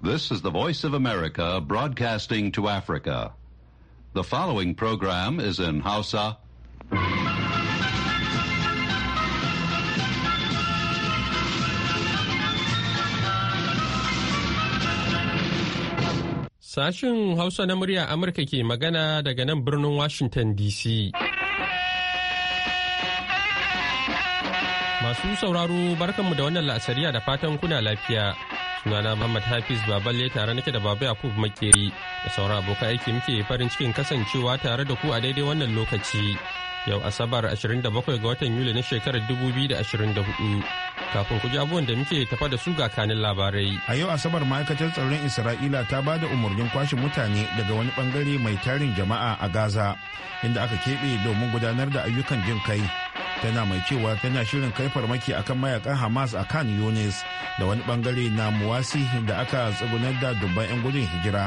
This is the Voice of America broadcasting to Africa. The following program is in Hausa. Sashen Hausa na murya Amurka ke magana daga nan birnin Washington DC. Masu sauraro barkanmu da wannan la'asariya da fatan kuna lafiya. sunana Muhammad Hafiz Baballe tare nake da Baba Yakub Makeri da sauran abokan aiki muke farin cikin kasancewa tare da ku a daidai wannan lokaci. Yau Asabar 27 ga watan Yuli na shekarar 2024 kafin ku ji abubuwan da muke tafa da su ga kanin labarai. A yau Asabar ma'aikatar tsaron Isra'ila ta ba da umarnin kwashe mutane daga wani bangare mai tarin jama'a a Gaza inda aka keɓe domin gudanar da ayyukan jin kai. tana mai cewa tana shirin kai farmaki akan mayakan hamas a kan yunis da wani bangare na muwasi da aka tsugunar da dubban 'yan gudun hijira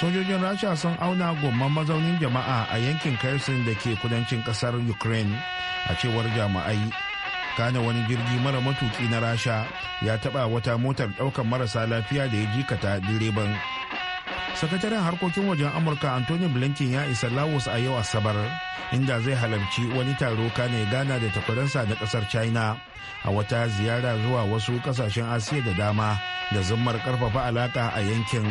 sojojin rasha sun auna gomman mazaunin jama'a a yankin kherson da ke kudancin kasar ukraine a cewar jama'ai kana wani jirgi mara matuki na rasha ya taba wata motar daukan marasa lafiya da ya jikata direban sakataren harkokin wajen amurka anthony blinken ya isa Lawus a yau asabar inda zai halarci wani taro kane gana da takwaransa na kasar china a wata ziyara zuwa wasu kasashen asiya da dama da zummar karfafa alaka a yankin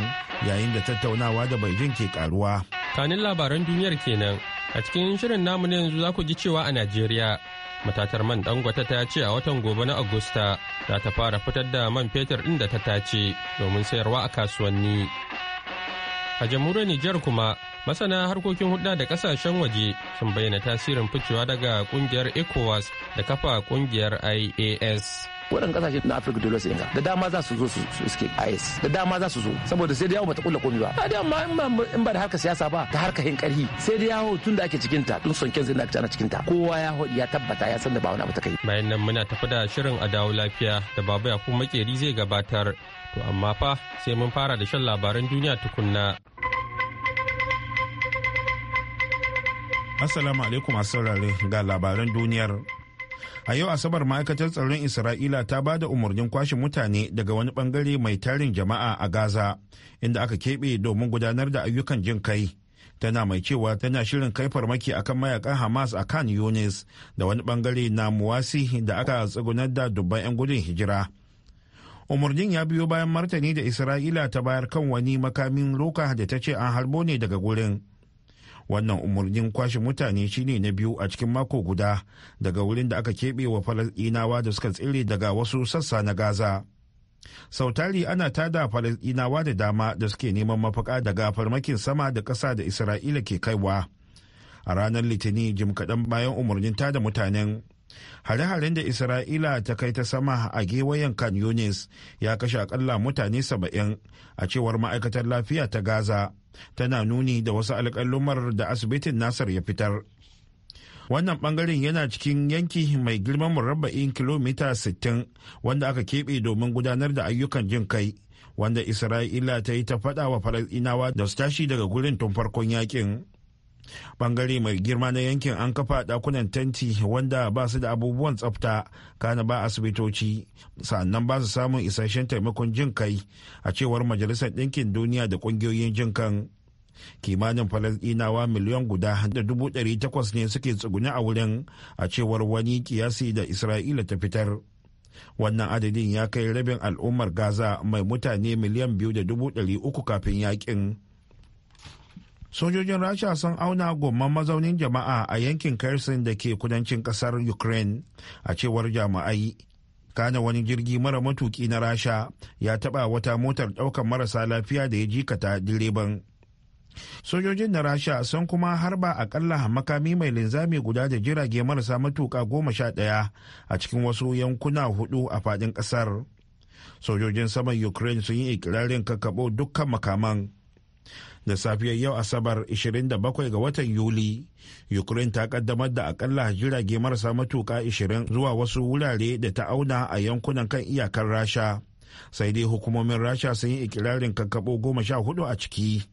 yayin da tattaunawa da beijing ke karuwa kanin labaran duniyar kenan a cikin shirin namu na yanzu za ku ji cewa a najeriya matatar man dangwata ta ce a watan gobe na agusta za ta fara fitar da man fetur ɗin da ta tace domin sayarwa a kasuwanni A jamhuriyar Nijar kuma masana harkokin hudda da kasashen waje sun bayyana tasirin ficewa daga kungiyar ECOWAS da kafa kungiyar IAS. waɗannan kasashe na afirka dole su da dama za su zo su suke is da dama za su zo saboda sai da yawo bata kulla komai ba a da ma in ba da harka siyasa ba ta harka hin karhi sai da yawo tun da ake cikin ta tun son kensa da ake cikin ta kowa ya ya tabbata ya san da ba wani abu ta kai bayan nan muna tafi da shirin a dawo lafiya da baba ku makeri zai gabatar to amma fa sai mun fara da shan labaran duniya tukunna Assalamu alaikum a saurare ga labaran duniyar a yau asabar ma'aikatar tsaron isra'ila ta ba da umarnin kwashe mutane daga wani bangare mai tarin jama'a a gaza inda aka keɓe domin gudanar da ayyukan jin kai tana mai cewa tana shirin kai farmaki akan mayakan hamas a kan yunis da wani bangare na muwasi da aka tsugunar da dubban 'yan gudun hijira umarnin ya biyo bayan martani da isra'ila ta bayar kan wani makamin roka da ta ce an harbo ne daga gurin wannan umarnin kwashe mutane shine na biyu a cikin mako guda daga wurin da aka keɓe wa falasɗinawa da suka tsire daga wasu sassa na gaza sautari ana tada falasɗinawa da dama da suke neman mafaka daga farmakin sama da ƙasa da isra'ila ke kaiwa a ranar litinin jim kaɗan bayan umarnin tada mutanen hare-haren da isra'ila ta kai ta sama a gewayen kan yunis ya kashe akalla mutane saba'in a cewar ma'aikatar lafiya ta gaza tana nuni da wasu alƙalumar da asibitin nasar ya fitar wannan bangaren yana cikin yanki mai girman murabba'in kilomita 60 wanda aka keɓe domin gudanar da ayyukan jin kai wanda isra'ila ta yi ta faɗa wa da su tashi daga gurin tun farkon yakin bangare mai girma na yankin an kafa dakunan tenti wanda ba su da abubuwan tsafta kana ba asibitoci sannan ba su samun isasshen taimakon jin kai a cewar majalisar ɗinkin duniya da ƙungiyoyin jin kan kimanin falasɗinawa miliyan guda da dubu ɗari takwas ne suke tsuguni a wurin a cewar wani kiyasi da isra'ila ta fitar wannan adadin ya kai rabin al'ummar gaza mai mutane miliyan biyu da dubu ɗari uku kafin yakin sojojin rasha sun auna gomman mazaunin jama'a a yankin kersin da ke kudancin kasar ukraine a cewar jami'ai kana wani jirgi mara matuki na rasha ya taba wata motar daukan marasa lafiya da ya jikata direban sojojin na rasha sun kuma harba akalla makami mai linzami guda da jirage marasa matuka goma sha ɗaya a cikin wasu yankuna hudu a fadin kasar. sojojin saman ukraine sun yi ikirarin kakabo dukkan makaman da safiyar yau asabar 27 ga watan yuli ukraine ta kaddamar da akalla jirage marasa matuka 20 zuwa wasu wurare da ta auna a yankunan kan iyakar rasha sai dai hukumomin rasha sun yi ikirarin kakkabo goma sha hudu a ciki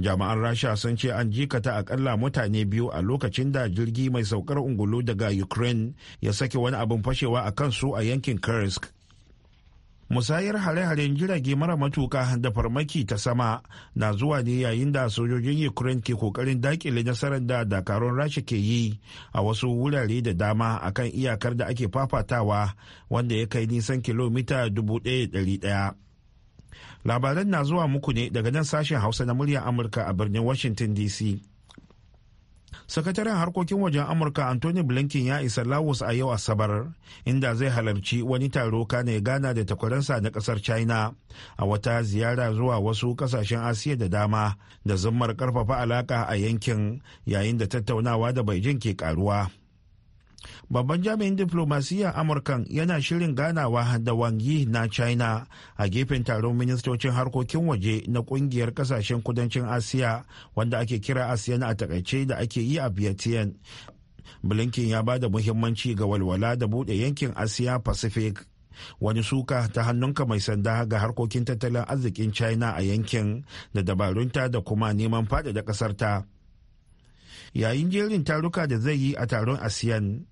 jami'an rasha sun ce an jikata akalla mutane biyu a lokacin da jirgi mai saukar ungulu daga ukraine ya sake wani abin fashewa a kansu a yankin kursk musayar hare-haren jirage mara matuka da farmaki ta sama na zuwa ne yayin da sojojin ukraine ke kokarin dakile nasarar da dakarun rasha ke yi a wasu wurare da dama akan iyakar da ake fafatawa wanda ya kai nisan kilomita 1,100 labaran na zuwa muku ne daga nan sashen hausa na muryar amurka a birnin washington dc sakataren harkokin wajen amurka anthony blinken ya isa Lawus a yau asabar inda zai halarci wani taro kane gana da takwaransa na kasar china a wata ziyara zuwa wasu kasashen asiya da dama da zummar karfafa alaka a yankin yayin da tattaunawa da beijing ke karuwa babban jami'in diplomasiyyar amurkan yana shirin ganawa da wang yi na china a gefen taron ministocin harkokin waje na kungiyar kasashen kudancin asiya wanda ake kira asiyan a takaice da ake yi a vietnam blinken ya ba da muhimmanci ga walwala da bude yankin asiya pacific wani suka ta hannunka mai sanda ga harkokin tattalin arzikin china a yankin da dabarunta da kuma neman faɗaɗa ƙasarta yayin jerin taruka da zai yi a taron asiyan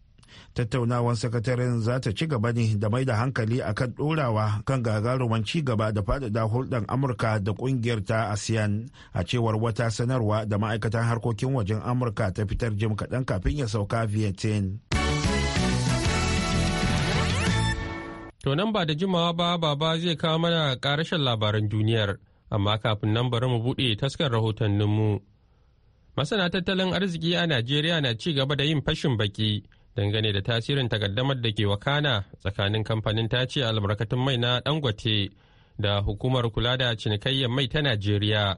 tattaunawar sakataren za ta ci gaba ne da mai da hankali akan ɗorawa kan gagaruman ci gaba da faɗaɗa hulɗar amurka da ƙungiyar ta asean a cewar wata sanarwa da ma'aikatan harkokin wajen amurka ta fitar jim kaɗan kafin ya sauka vietnam To nan ba da jimawa ba baba zai kawo mana karashen labaran duniyar, amma kafin nan bari mu buɗe taskar rahotanninmu. Masana tattalin arziki a Najeriya na ci gaba da yin fashin baki dangane da tasirin takaddamar da ke wakana tsakanin kamfanin tace albarkatun mai na dangote da hukumar kula da cinikayyar mai ta najeriya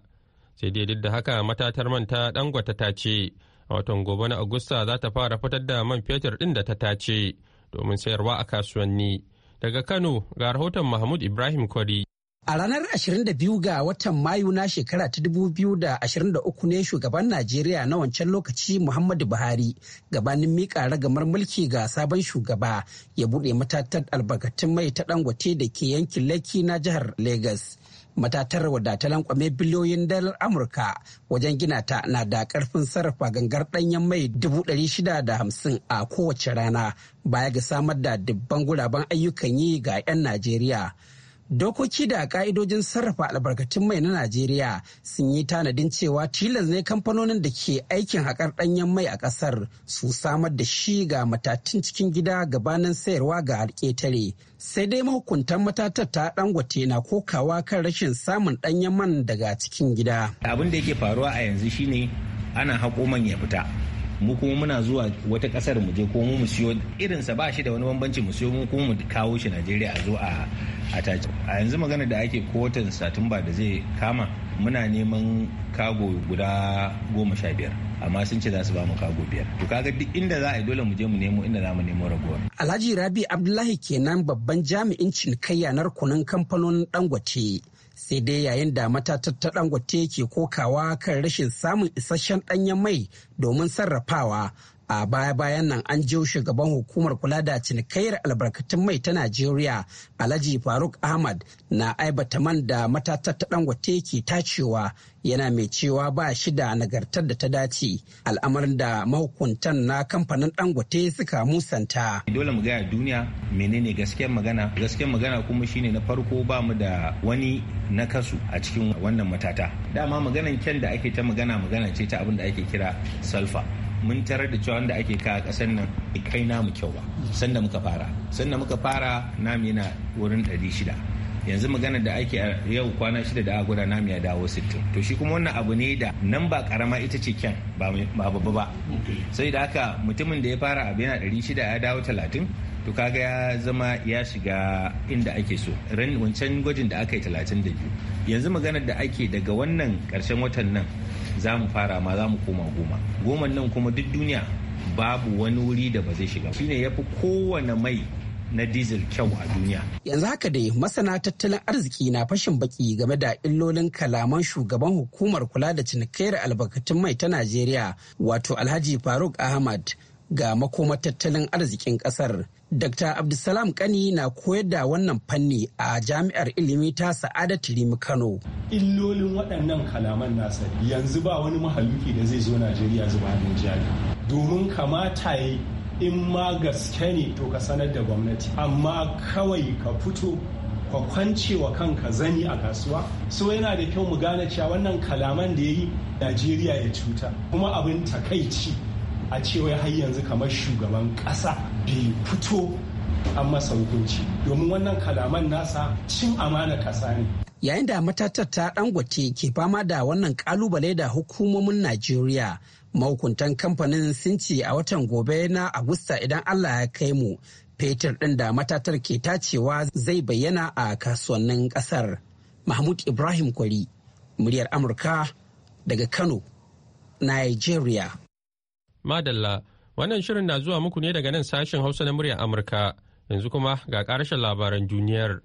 sai dai duk da haka matatar man ta dangote ta ce a watan gobe na agusta za ta fara fitar da man fetur din da ta tace domin sayarwa a kasuwanni daga kano ga rahoton mahmud ibrahim kwari A ranar 22 ga watan Mayu na shekara ta 2023 ne shugaban Najeriya na wancan lokaci Muhammadu Buhari gabanin mika ragamar mulki ga sabon shugaba ya buɗe matatar albarkatun mai ta dangote da ke yankin Lekki na jihar Legas. Matatar wadatalan kwame biliyoyin dalar Amurka wajen gina ta na da karfin sarrafa gangar ɗanyen mai 650 a kowace rana baya ga samar da dubban guraben ayyukan yi ga 'yan Najeriya. Dokoki da ka'idojin sarrafa albarkatun mai na Najeriya sun yi tanadin cewa tilas ne kamfanonin da ke aikin haƙar ɗanyen mai a ƙasar su samar da shi ga matatun cikin gida gabanin sayarwa ga alƙetare. Sai dai mahukuntan matatar ta dangote na kokawa kan rashin samun ɗanyen man daga cikin gida. Abin da yake faruwa a yanzu shine ana haƙo man ya fita. mu kuma muna zuwa wata kasar mu je ko mu siyo irinsa ba shi da wani bambanci mu siyo mu kuma mu kawo shi Najeriya a zo a tace a yanzu magana da ake kotun satumba da zai kama muna neman kago guda goma sha biyar amma sun ce za su ba mu kago biyar to kaga duk inda za a yi dole mu je mu nemo inda za mu nemo ragowar alhaji rabi abdullahi kenan babban jami'in cinikayya na rukunin kamfanonin dangote sai dai yayin da matatar ta dangote ke kokawa kan rashin samun isasshen danyen mai domin sarrafawa a baya-bayan nan an jiyo shugaban hukumar kula da cinikayyar albarkatun mai ta najeriya alhaji faruk ahmad na aibata man da matatar ta dangote ke tacewa yana mai cewa ba shi da nagartar da ta dace al'amarin da mahukuntan na kamfanin dangote suka musanta dole mu gaya duniya menene gaskiyar magana gaskiyar magana kuma shine na farko ba mu da wani nakasu a cikin wannan matata dama maganar kyan da ake ta magana magana ce ta abin da ake kira sulfur mun tarar da cewa wanda ake ka kasar nan kai namu kyau ba Sannan muka fara Sannan muka fara namu yana wurin 600 yanzu magana da ake yau kwana shida da agwada namu ya dawo 60 to shi kuma wannan abu ne da nan ba karama ita ce kyan ba babba ba sai da haka mutumin da ya fara abu yana 600 ya dawo 30 to kaga ya zama ya shiga inda ake so ran wancan gwajin da aka yi 32 yanzu maganar da ake daga wannan karshen watan nan za mu fara ma za mu koma goma goman nan kuma duk duniya babu wani wuri da ba zai shiga shine ya fi kowane mai na diesel kyau a duniya yanzu haka dai masana tattalin arziki na fashin baki game da illolin kalaman shugaban hukumar kula da cinikayyar albarkatun mai ta najeriya wato alhaji faruk ahmad ga makomar tattalin arzikin kasar Dr. Abdulsalam Kani na koyar da wannan fanni a jami'ar ilimi ta Sa'adatu Rimi Kano. Illolin waɗannan kalaman nasa yanzu ba wani mahaluki da zai zo Najeriya zuba hannun jari. Domin kamata yi in ma gaske ne to ka sanar da gwamnati amma kawai ka fito ka kwance wa kanka zani a kasuwa so yana da kyau mu gane cewa wannan kalaman da ya yi Najeriya ya cuta kuma abin takaici a cewa har yanzu kamar shugaban ƙasa bai fito an masa hukunci domin wannan kalaman nasa cin amana ƙasa ne yayin da matatar ta dangote ke fama da wannan kalubale da hukumomin najeriya mahukuntan kamfanin sun ce a watan gobe na agusta idan allah ya kai mu fetur ɗin da matatar ke tacewa zai bayyana a kasuwannin ƙasar mahmud ibrahim kwari muryar amurka daga kano nigeria Madalla, wannan shirin na zuwa muku ne daga nan sashen Hausa na muryar Amurka, yanzu kuma ga ƙarshen labaran duniyar.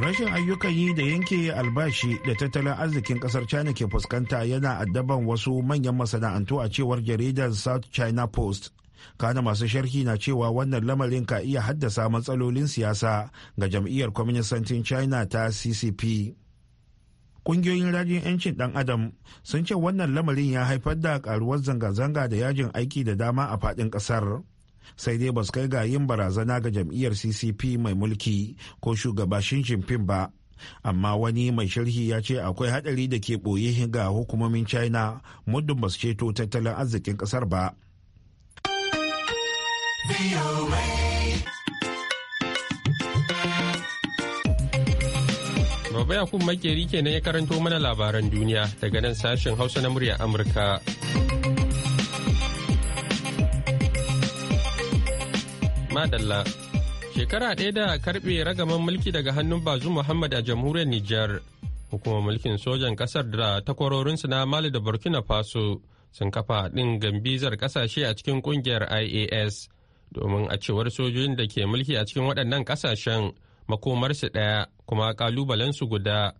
Rashin ayyukan yi da yanke albashi da tattalin arzikin kasar China ke fuskanta yana addaban wasu manyan masana'antu a cewar jaridar South China Post. Kana masu sharhi na cewa wannan lamarin ka iya haddasa matsalolin siyasa ga jam'iyyar kwaministancin China ta CCP. kungiyoyin rajin 'yancin dan adam sun ce wannan lamarin ya haifar da karuwar zanga-zanga da yajin aiki da dama a fadin kasar sai dai ba su kai ga yin barazana ga jam'iyyar ccp mai mulki ko shugaba shin Jinping ba amma wani mai sharhi ya ce akwai hadari da ke ɓoye ga hukumomin china muddin ba su ceto tattalin arzikin kasar ba. kuma yakub Makeri kenan ya karanto mana labaran duniya daga nan sashen Hausa na murya Amurka. Madalla Shekara ɗaya da karɓe ragaman mulki daga hannun bazu Muhammad a jamhuriyar Nijar, hukumar mulkin sojan ƙasar da takwarorinsu na Mali da Burkina Faso sun kafa haɗin gambizar ƙasashe a cikin ƙungiyar IAS domin a cewar sojojin da ke mulki a cikin waɗannan ƙasashen. makomarsu ɗaya kuma ƙalubalensu guda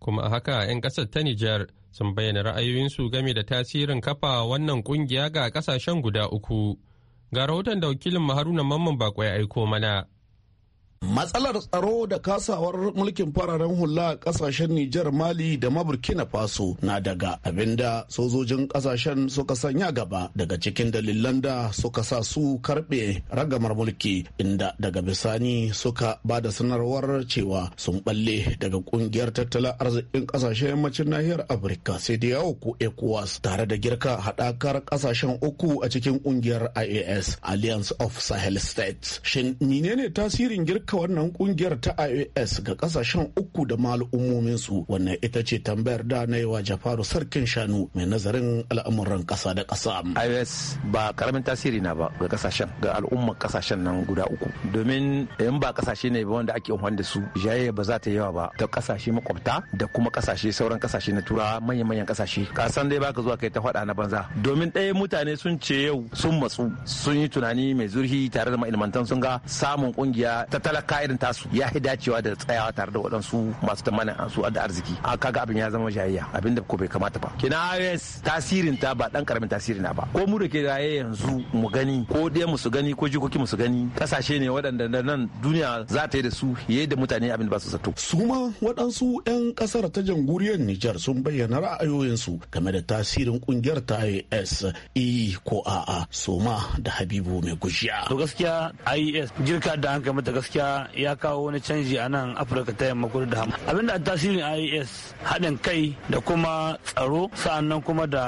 kuma haka 'yan ƙasar ta Nijar sun bayyana ra'ayoyinsu game da tasirin kafa wannan ƙungiya ga ƙasashen guda uku. Ga rahoton da wakilin Haruna Mamman ya aiko mana. matsalar tsaro da kasawar mulkin fararen hula a kasashen Nijar Mali da maburkina Faso na daga abinda sojojin kasashen suka sanya gaba daga cikin dalilan da suka sa su karbe ragamar mulki inda daga bisani suka ba da sanarwar cewa sun balle daga kungiyar tattalin arzikin kasashen yammacin nahiyar Afirka sai da ko ECOWAS tare da girka haɗakar kasashen uku a cikin kungiyar IAS Alliance of Sahel States. Shin menene tasirin girka aika wannan kungiyar ta ios ga kasashen uku da su wannan ita ce tambayar da na yi wa jafaru sarkin shanu mai nazarin al'amuran kasa da kasa ios ba karamin tasiri na ba ga kasashen ga al'umman kasashen nan guda uku domin in ba kasashe ne ba wanda ake amfani da su jaye ba za ta yawa ba ta kasashe makwabta da kuma kasashe sauran kasashe na tura manyan manyan kasashe kasan dai baka zuwa kai ta faɗa na banza domin ɗaya mutane sun ce yau sun matsu sun yi tunani mai zurfi tare da ma'ilmantan sun ga samun kungiya ta talaka ka irin tasu ya fi dacewa da tsayawa tare da waɗansu masu tamanin su da arziki a kaga abin ya zama jayayya abin da ko bai kamata ba kina IOS tasirin ta ba dan karamin tasiri na ba ko mu da ke raye yanzu mu gani ko dai mu su gani ko jikoki mu su gani kasashe ne waɗanda nan duniya za ta yi da su yayin da mutane abin da ba su zato su ma waɗansu 'yan ƙasar ta jamhuriyar Nijar sun bayyana ra'ayoyinsu game da tasirin kungiyar ta IOS E ko a'a soma da Habibu mai gushiya to gaskiya IOS jirka da hankali mata gaskiya ya kawo wani canji a nan afirka ta yamma kudu da abinda tasirin ias haɗin kai da kuma tsaro sa'annan kuma da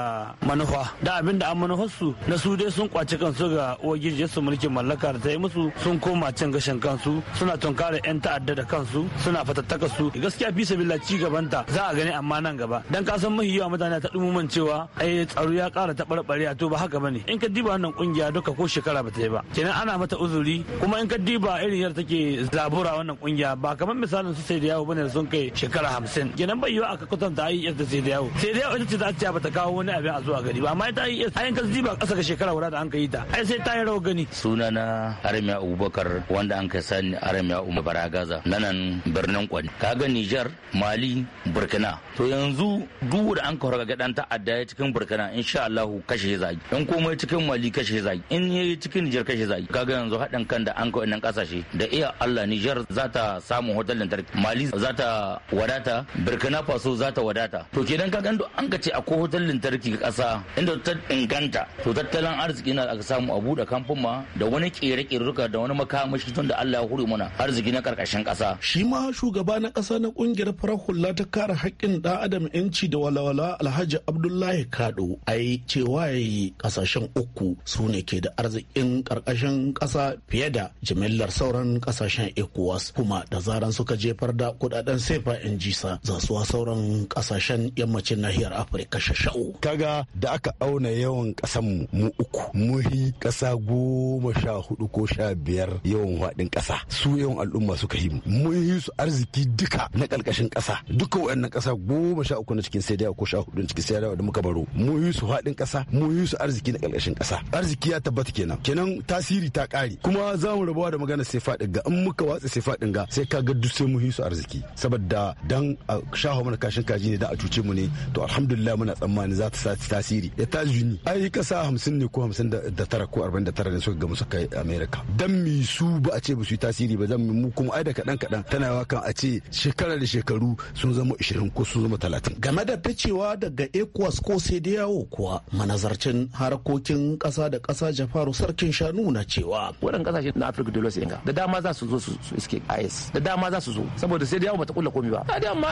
manufa da abinda an manufarsu na su dai sun kwaci kansu ga uwagijiyar su mulkin mallaka da ta yi musu sun koma cin gashin kansu suna tunkara 'yan ta'adda da kansu suna fatattaka su gaskiya fi sabila ci ta za a gani amma nan gaba dan ka san mahi yawa mutane ta dumuman cewa ai tsaro ya ƙara taɓarɓare to ba haka bane in ka diba wannan kungiya duka ko shekara ba ta yi ba kenan ana mata uzuri kuma in ka diba irin yadda take zabura wannan kungiya ba kamar misalin su sai da yawo bane sun kai shekara hamsin kenan bai yiwa aka kwatanta IES da sai da yawo sai da yawo ita ce za ta ba ta kawo wani abin a zuwa gari ba amma ita IES ayan kasdi ba kasa ga shekara wura da an kai ta ai sai ta yi rawar gani sunana Aramiya Abubakar wanda an kai sani Aramiya Umar gaza nanan birnin Kwani kaga Nijar Mali Burkina to yanzu duk da an kawar ga dan ta'adda ya cikin Burkina insha Allah kashe zaki in komai cikin Mali kashe zagi in yayi cikin nijar kashe zaki kaga yanzu haɗin kan da an kawai nan kasashe da iya Allah Niger za ta samu hotel lantarki Mali za ta wadata Burkina Faso za ta wadata to kenan ka gando an ka ce akwai hotel lantarki kasa inda ta inganta to tattalin arziki na aka samu a buɗe kamfuma da wani kere ruka da wani makamashi tun da Allah ya hure mana arziki na karkashin kasa shi ma shugaba na kasa na kungiyar farar hula ta kare haƙƙin da adam yanci da walawala Alhaji Abdullahi Kado ai cewa yayi kasashen uku su ne ke da arzikin karkashin kasa fiye da jimillar sauran kasashen kasashen ecowas kuma da zaran suka jefar da kudaden sefa in jisa zasuwa sauran kasashen yammacin nahiyar afirka shashau kaga da aka auna yawan kasan mu uku muhi kasa goma sha hudu ko sha biyar yawan faɗin kasa su yawan al'umma suka yi muhi su arziki duka na ƙarƙashin kasa duka waɗannan kasa goma sha uku na cikin sai da ko sha hudu cikin sai da muka baro muhi su faɗin kasa muhi su arziki na ƙarƙashin kasa arziki ya tabbata kenan kenan tasiri ta kare kuma za mu rabuwa da magana sai faɗi ga in muka watsa sifa faɗin ga sai ka ga duk sai mu hisu arziki saboda dan a shaho mana kashin kaji ne da a cuce mu ne to alhamdulillah muna tsammani za ta sa tasiri ya ta juni ai sa 50 ne ko 59 ko 49 ne suka ga musu kai america dan mi su ba a ce ba su yi tasiri ba zan mu kuma ai da kadan kadan tana yawa kan a ce shekara da shekaru sun zama 20 ko sun zama 30 game da ficewa daga ecowas ko sai da yawo kuwa manazarcin harkokin kasa da kasa jafaru sarkin shanu na cewa waɗannan kasashe na afirka dole inga da dama za su sun zo su iske IS da dama za su zo saboda sai da yawo bata kula komai ba da dama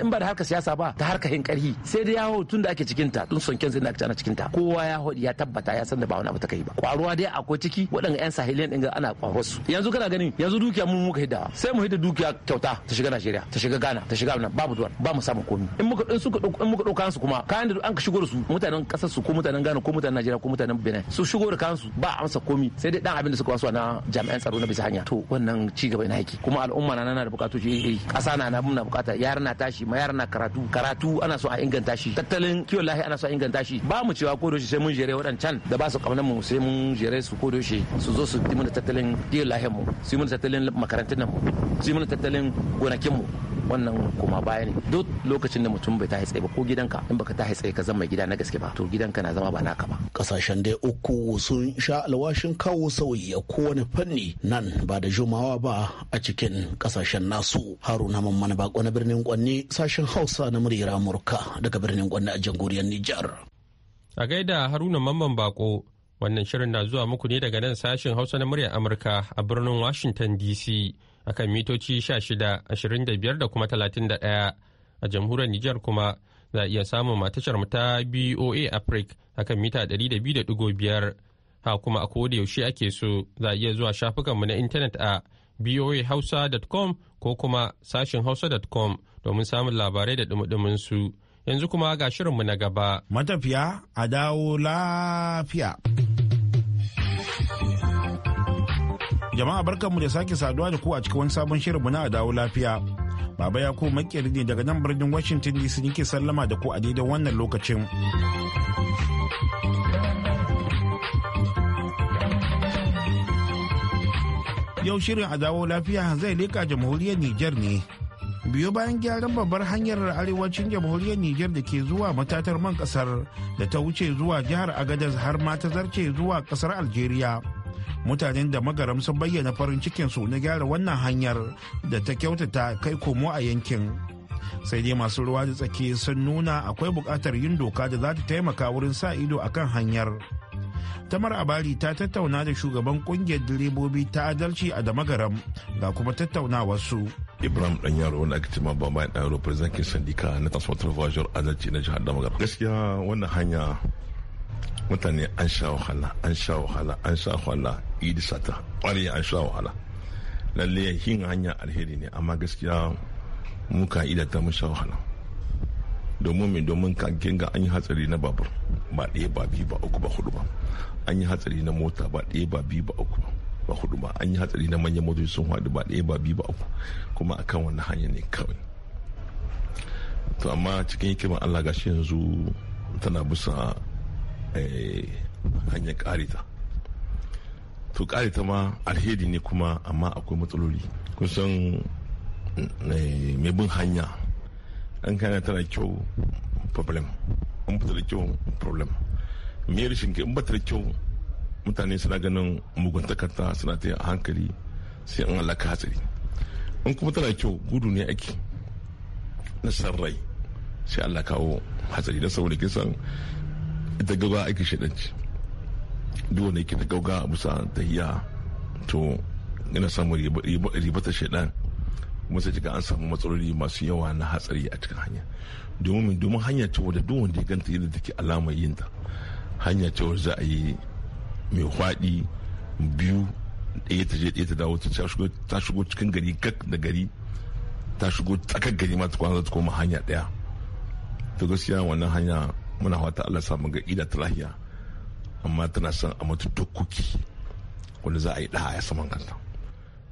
in ba da harkar siyasa ba ta harkar hin karhi sai da yawo tun da ake cikin ta tun sonken zai na ana cikin ta kowa ya hodi ya tabbata ya san da ba wani abu ta kai ba kwaruwa dai akwai ciki wadanda yan sahiliyan din ana kwaro su yanzu kana ganin yanzu dukiya mun muka hidda sai mu hidda dukiya kyauta ta shiga Najeriya ta shiga Ghana ta shiga nan babu duwan ba mu samu komai in muka in suka in muka dauka su kuma kayan da an ka shigo da su mutanen kasar su ko mutanen Ghana ko mutanen Najeriya ko mutanen Benin su shigo da kansu ba amsa komai sai dai dan abin da suka wasu na jami'an tsaro na bisa hanya to wannan wannan ci gaba na yake kuma al'umma na nana da bukatoci iri ƙasa na na muna bukata yar na tashi ma yara na karatu karatu ana so a inganta shi tattalin kiwon lafiya ana so a inganta shi ba mu cewa kodoshi sai mun jere waɗancan da ba su kaunar mu sai mun jere su kodoshi su zo su yi mana tattalin kiwon lafiyar mu su yi mana tattalin makarantun mu su yi mana tattalin gonakin mu wannan kuma baya ne duk lokacin da mutum bai ta tsaye ba ko gidanka in baka tashi tsaye ka zama gida na gaske ba to gidanka na zama ba naka ba kasashen dai uku sun sha alwashin kawo sauyi a kowane fanni nan ba da jumawa ba a cikin kasashen nasu haruna mamman bako na birnin kwanne sashen hausa na muryar amurka daga birnin kwanne a jamhuriyar nijar a gaida haruna mamman bako wannan shirin na zuwa muku ne daga nan sashen hausa na muryar amurka a birnin washington dc akan mitoci 16, 25 da kuma 31 a jamhuriyar Nijar kuma za iya samun matashar ta BOA Africa akan mita 200.5 ha kuma a koda yaushe ake so za iya zuwa shafukanmu na intanet a boahausa.com ko kuma sashin hausa.com domin samun labarai da dumudumin su yanzu kuma ga shirinmu na gaba matafiya a dawo lafiya Jama'a barkanmu da sake saduwa da ku a cikin wani sabon shirinmu na dawo lafiya. Baba ya ko makeri ne daga nan birnin Washington DC ke sallama da ku a daidai wannan lokacin. Yau shirin a dawo lafiya zai leka jamhuriyar niger ne. biyo bayan gyaran babbar hanyar arewacin jamhuriyar niger da ke zuwa matatar man kasar da ta wuce zuwa jihar Agadez har ma ta zarce zuwa kasar Algeria. mutanen da magaram sun bayyana farin cikinsu na gyara wannan hanyar da ta kyautata kai komo a yankin sai dai masu ruwa da tsaki sun nuna akwai bukatar yin doka da za ta taimaka wurin sa ido akan hanyar tamar abari ta tattauna da shugaban kungiyar direbobi ta adalci a damagaram ga kuma tattaunawarsu ibrahim dan yaro wanda ake cewa ba mai dan ke sandika na transport voyageur adalci na jihar damagaram gaskiya wannan hanya mutane an sha wahala an sha wahala an sha wahala yi da sata kwari an sha wahala lalle yin hanya alheri ne amma gaskiya mu ka da ta mu sha wahala domin mai domin ka kinga an yi hatsari na babur ba ɗaya ba biyu ba uku ba hudu ba an yi hatsari na mota ba ɗaya ba biyu ba uku ba hudu ba an yi hatsari na manyan motoci sun hadu ba ɗaya ba biyu ba uku kuma akan wannan hanya ne kawai to amma cikin hikimar allah gashi yanzu tana bisa Eh, hanyar karita to karita ma alheri ne kuma amma akwai matsaloli kusan eh, mai bin hanya an kana tana kyau problem an bata da kyau problem me rashin in bata da kyau mutane suna ganin muguntakarta suna ta a hankali sai an halaka hatsari in kuma tana kyau gudu ne ake na san rai sai Allah kawo hatsari da saboda kisan ita gaba aiki shidanci duk wanda yake da gauga a bisa tahiya to yana samun ribatar kuma sai jika an samu matsaloli masu yawa na hatsari a cikin hanya domin domin hanya ce wadda duk wanda ya ganta yadda take alamar yin ta hanya ce wadda za a yi mai hwaɗi biyu ɗaya ta je ɗaya ta dawo ta shigo cikin gari kak da gari ta shigo tsakar gari ma ta kwana ta koma hanya ɗaya to gaskiya wannan hanya muna fata Allah samu ga ida ta lahiya amma tana son a mutu dokoki wanda za a yi da ya saman kanta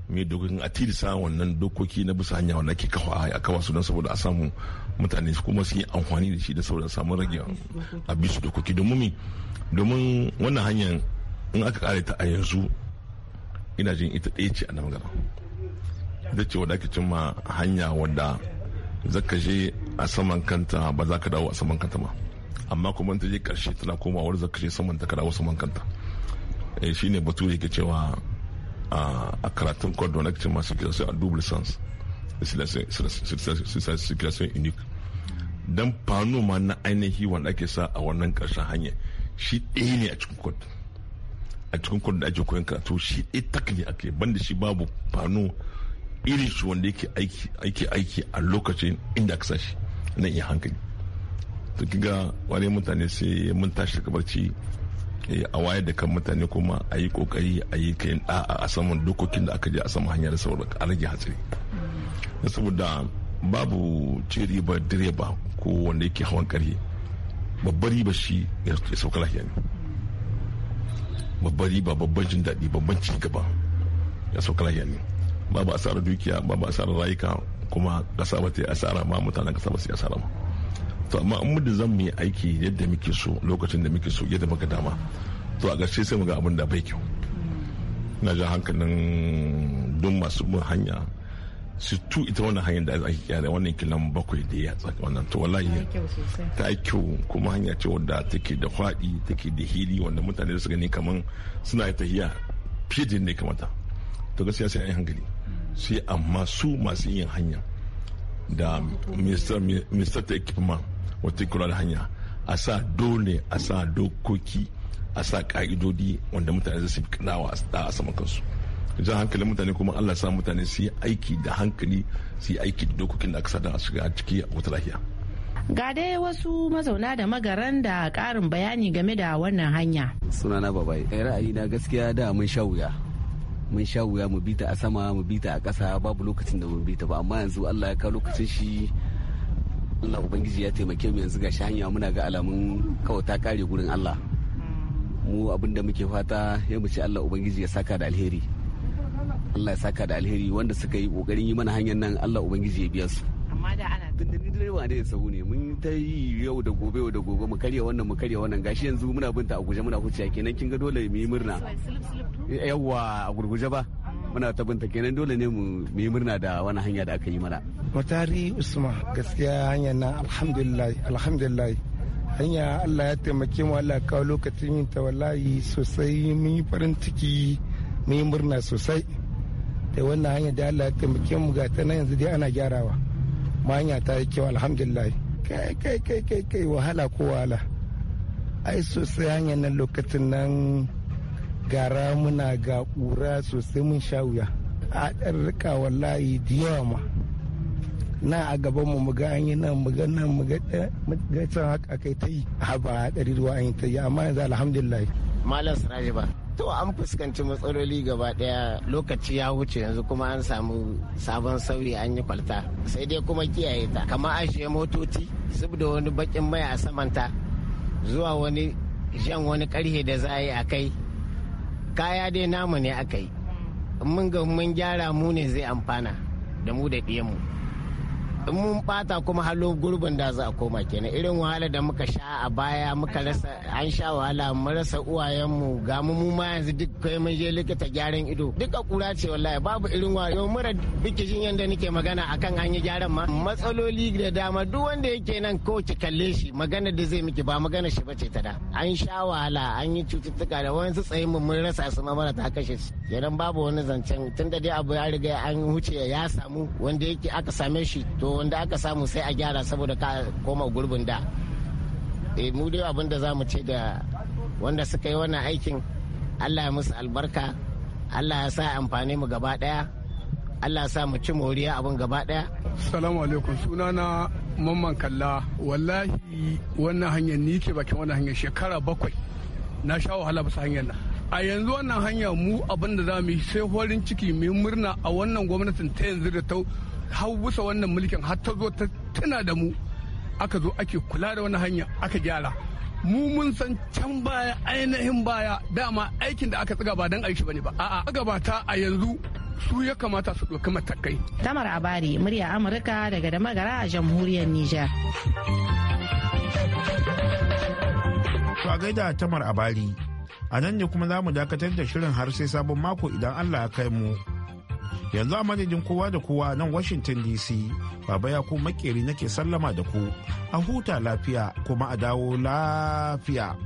me dokokin a sa wannan dokoki na bisa hanya wanda ke kawo a kawo su don saboda a samu mutane su kuma su yi amfani da shi da saboda samun rage a bisu dokoki domin domin wannan hanyar in aka kare ta a yanzu ina jin ita ɗaya ce a nan magana ita ce wadda ake cimma hanya wadda zaka je a saman kanta ba za ka dawo a saman kanta ba amma kuma ta je karshe tana wani zakashe saman ta kada wasu mankanta eh shine batu yake cewa a karatun code don action masu sai a double kira sai unique dan fano ma na ainihi wanda ake sa a wannan karshen hanya shi ɗaya ne a cikin kwad a cikin kwad da ake koyon karatu shi ɗaya tak ne ake banda shi babu fano irin shi wanda yake aiki aiki a lokacin inda ka sa shi na iya hankali to ga wani mutane sai mun tashi daga barci eh, a wayar da kan mutane kuma a yi kokari a yi kayan da'a a saman dokokin da aka je a saman hanyar saboda a rage hatsari saboda babu ce riba direba ko wanda yake hawan karhe babbar riba shi ya sauka lafiya ne babbar riba babban jin daɗi babban ci gaba ya sauka lafiya ne babu asarar dukiya babu asarar rayuka kuma kasa ba ta yi asara ma mutanen kasa ba su yi asara ba to amma an muda zan mu yi aiki yadda muke so lokacin da muke so yadda muka dama to a gaske sai muga abin da bai kyau na jan hankalin don masu bin hanya su tu ita wannan hanyar da ake kyara wannan kilan bakwai da ya tsaka wannan to wallahi ta kyau kuma hanya ce wadda take da faɗi take da hili wanda mutane da su gani kamar suna tahiya fiye da ne kamata to gaskiya sai an yi hankali sai amma su masu yin hanya da mr ta ekipman wata da hanya a sa dole a sa dokoki a sa ka'idodi wanda mutane za su fi kadawa a saman kansu jan hankalin mutane kuma allah sa mutane su yi aiki da hankali su yi aiki da dokokin da aka sa a shiga ciki a wata lahiya ga dai wasu mazauna da magaran da karin bayani game da wannan hanya sunana babai eh, ra'ayi na gaskiya da mun sha wuya mun sha wuya mu bita a sama mu bita a ƙasa babu lokacin da mun bita ba amma yanzu allah ya kawo lokacin shi Allah ubangiji ya taimake mu yanzu ga hanya muna ga alamun kawai ta kare gurin Allah hmm. mu abin da muke fata ya mu ce Allah ubangiji ya saka da alheri Allah ya saka da alheri wanda suka yi kokarin yi mana hanyar nan Allah ubangiji ya biya su amma da ana dindindin ba da sahu ne mun ta yi yau da gobe yau da gobe mu karya wannan mu karya wannan gashi yanzu muna binta a guje muna huciya kenan kin ga dole mu yi murna yawwa a gurguje ba muna ta binta kenan dole ne mu yi murna da wani hanya da aka yi mana mutari usman gaskiya hanyar na alhamdulillah alhamdulillah hanya Allah ya taimake mu Allah kawo lokacin yin ta wallahi sosai mun yi farin ciki mun yi murna sosai da wannan hanya da Allah ya taimake mu ga ta nan yanzu dai ana gyarawa ma hanya ta yi kyau alhamdulillah kai kai kai kai kai wahala ko wahala ai sosai hanyar nan lokacin nan Gara muna ga ƙura sosai mun sha wuya a ɗan rika wallahi da yawa ma na a gaban mu muga an yi nan muga nan muga muga can haka kai ta yi a ba ɗari ruwa an yi ta yi amma yanzu alhamdulillah malam Sirajiba. ba to an fuskanci matsaloli gaba daya lokaci ya wuce yanzu kuma an samu sabon sauyi an yi kwalta sai dai kuma kiyaye ta kamar shiga motoci zub da wani bakin mai a samanta zuwa wani shan wani karhe da za a yi a kai kaya dai namu ne aka yi mun ga mun gyara mu ne zai amfana da mu da ɗiyanmu mun bata kuma halo gurbin da za a koma kenan irin wahala da muka sha a baya muka rasa an sha wahala mu rasa uwayenmu ga mu mu ma yanzu duk kai mun je likita gyaran ido duka kura ce wallahi babu irin wa yau mura bikijin yanda nake magana akan an yi gyaran ma matsaloli da dama duk wanda yake nan ko ki kalle shi magana da zai miki ba magana shi bace ta da an sha wahala an yi cututtuka da wani tsayin mu mun rasa su ma mara ta kashe su kenan babu wani zancen tunda dai abu ya riga an huce ya samu wanda yake aka same shi to wanda aka samu sai a gyara saboda ka koma gurbin da eh, mu dai abin da za mu ce da wanda suka yi wannan aikin allah ya musu albarka allah ya sa amfani mu gaba daya allah ya sa mu ci moriya abin gaba daya salamu alaikum sunana mamman kalla wallahi wannan hanyar ni ke bakin wannan hanyar shekara bakwai na sha wahala bisa hanyar nan a yanzu wannan hanya mu abin da za mu yi sai horin ciki mai murna a wannan gwamnatin ta yanzu da ta har bisa wannan mulkin har ta zo ta tuna da mu aka zo ake kula da wani hanya aka gyara mu mun san can baya ainihin baya dama aikin da aka tsiga ba don aiki bane ba a'a gabata a yanzu su ya kamata su ɗauki matakai tamar abari murya amurka daga da magara a jamhuriyar niger to a gaida tamar abari a nan ne kuma za mu dakatar da shirin har sai sabon mako idan allah ya kai mu yanzu a madadin kowa da kowa nan washington dc baba ya ku makeri nake sallama da ku a huta lafiya kuma a dawo lafiya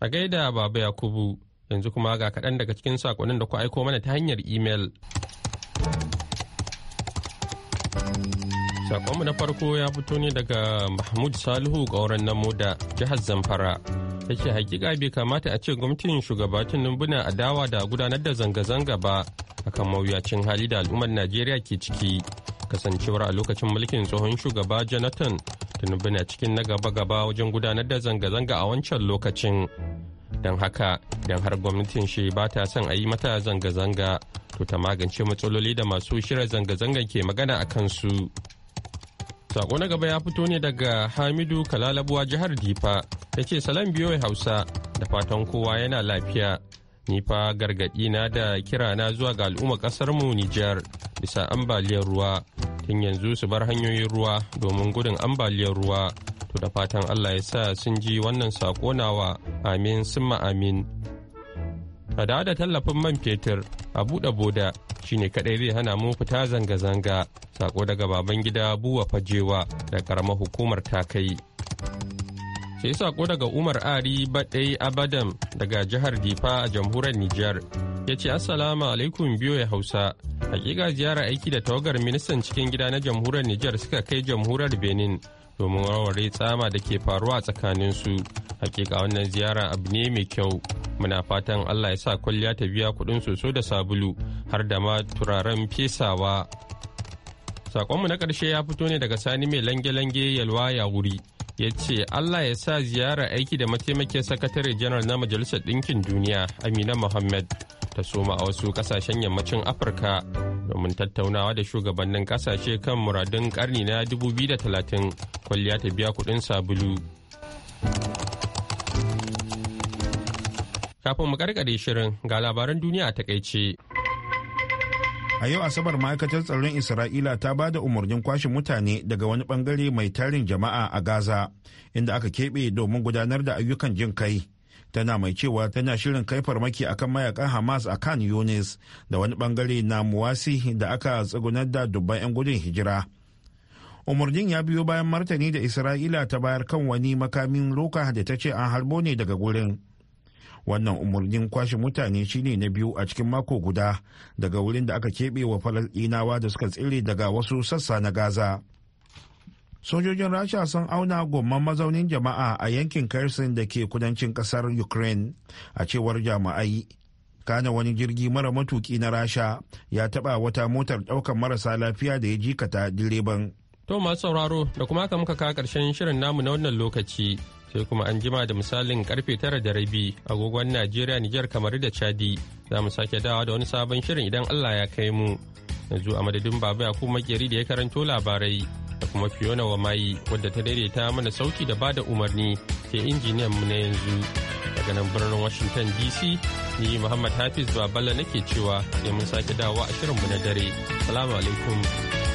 a gaida baba yakubu yanzu kuma ga kaɗan daga cikin saƙonin da ku aiko mana ta hanyar imel. Sakonmu na farko ya fito ne daga Mahmud Salihu ƙauren na Moda, jihar Zamfara. Ta ce hakika bai kamata a ce gwamnatin shugabatin numbuna adawa da gudanar da zanga-zanga ba akan mawuyacin hali da al'ummar Najeriya ke ciki. Kasancewar a lokacin mulkin tsohon shugaba Jonathan Tinubu na cikin na gaba-gaba wajen gudanar da zanga-zanga a wancan lokacin. Don haka, don har gwamnatin shi ba ta son a yi mata zanga-zanga, to ta magance matsaloli da masu shirin zanga zanga ke magana a kansu. Sako na gaba ya fito ne daga Hamidu Kalalabuwa jihar Difa da ce salam biyo Hausa da fatan kowa yana lafiya. nifa fa gargaɗi na da kira na zuwa ga al'umma ƙasar mu Nijar bisa ambaliyar ruwa. Tun yanzu su bar hanyoyin ruwa domin gudun ambaliyar ruwa. To da fatan Allah ya sa sun ji wannan sako nawa. Amin sun amin. a da tallafin man fetur a buɗe boda shine kadai zai hana mu fita zanga-zanga sako daga baban gida buwa fajewa da karama hukumar ta kai sai sako daga umar ari baɗai abadam daga jihar difa a jamhuriyar nijar ya ce assalamu alaikum biyo ya hausa hakika ziyara aiki da tawagar ministan cikin gida na jamhuriyar nijar suka kai jamhuriyar benin domin warware tsama da ke faruwa tsakaninsu hakika wannan ziyara abu ne mai kyau muna fatan allah ya sa kwalliya ta biya kudin soso da sabulu har da ma turaren fesawa sakonmu na ƙarshe ya fito ne daga sani mai lange-lange yalwa ya wuri ya ce allah ya sa ziyara aiki da mataimakin sakatare janar na majalisar ɗinkin duniya amina muhammad ta soma a wasu kasashen yammacin afirka domin tattaunawa da shugabannin kasashe kan muradun karni na 2030 kwalliya ta biya kudin sabulu kafin mu karkare shirin ga labaran duniya a takaice a yau asabar ma'aikatar tsaron isra'ila ta ba da umarnin kwashe mutane daga wani bangare mai tarin jama'a a gaza inda aka keɓe domin gudanar da ayyukan jin kai tana mai cewa tana shirin kai farmaki akan mayakan hamas a kan yunis da wani bangare na muwasi da aka tsugunar da dubban 'yan gudun hijira umarnin ya biyo bayan martani da isra'ila ta bayar kan wani makamin roka da ta ce an harbo ne daga gurin wannan umarnin kwashe mutane shine na biyu a cikin mako guda daga wurin da aka keɓe wa falal'inawa da suka tsire daga wasu sassa na gaza sojojin rasha sun auna gomman mazaunin jama'a a yankin kersin da ke kudancin kasar ukraine a cewar jami'ai kana wani jirgi mara matuki na rasha ya taba wata motar daukan marasa lafiya da ya jikata direban to masu sauraro da kuma haka muka kawo karshen shirin namu na wannan lokaci sai kuma an jima da misalin karfe tara da rabi agogon najeriya nijar kamar da chadi za mu sake dawa da wani sabon shirin idan allah ya kai mu yanzu a madadin baba ya kuma makeri da ya karanto labarai da kuma Fiona mai wadda ta daidaita mana sauki da bada umarni ke injiniyan mu na yanzu. Daga nan birnin Washington DC ni Muhammad Hafiz Babala nake cewa sai mun sake dawowa a shirinmu na dare. Salamu alaikum.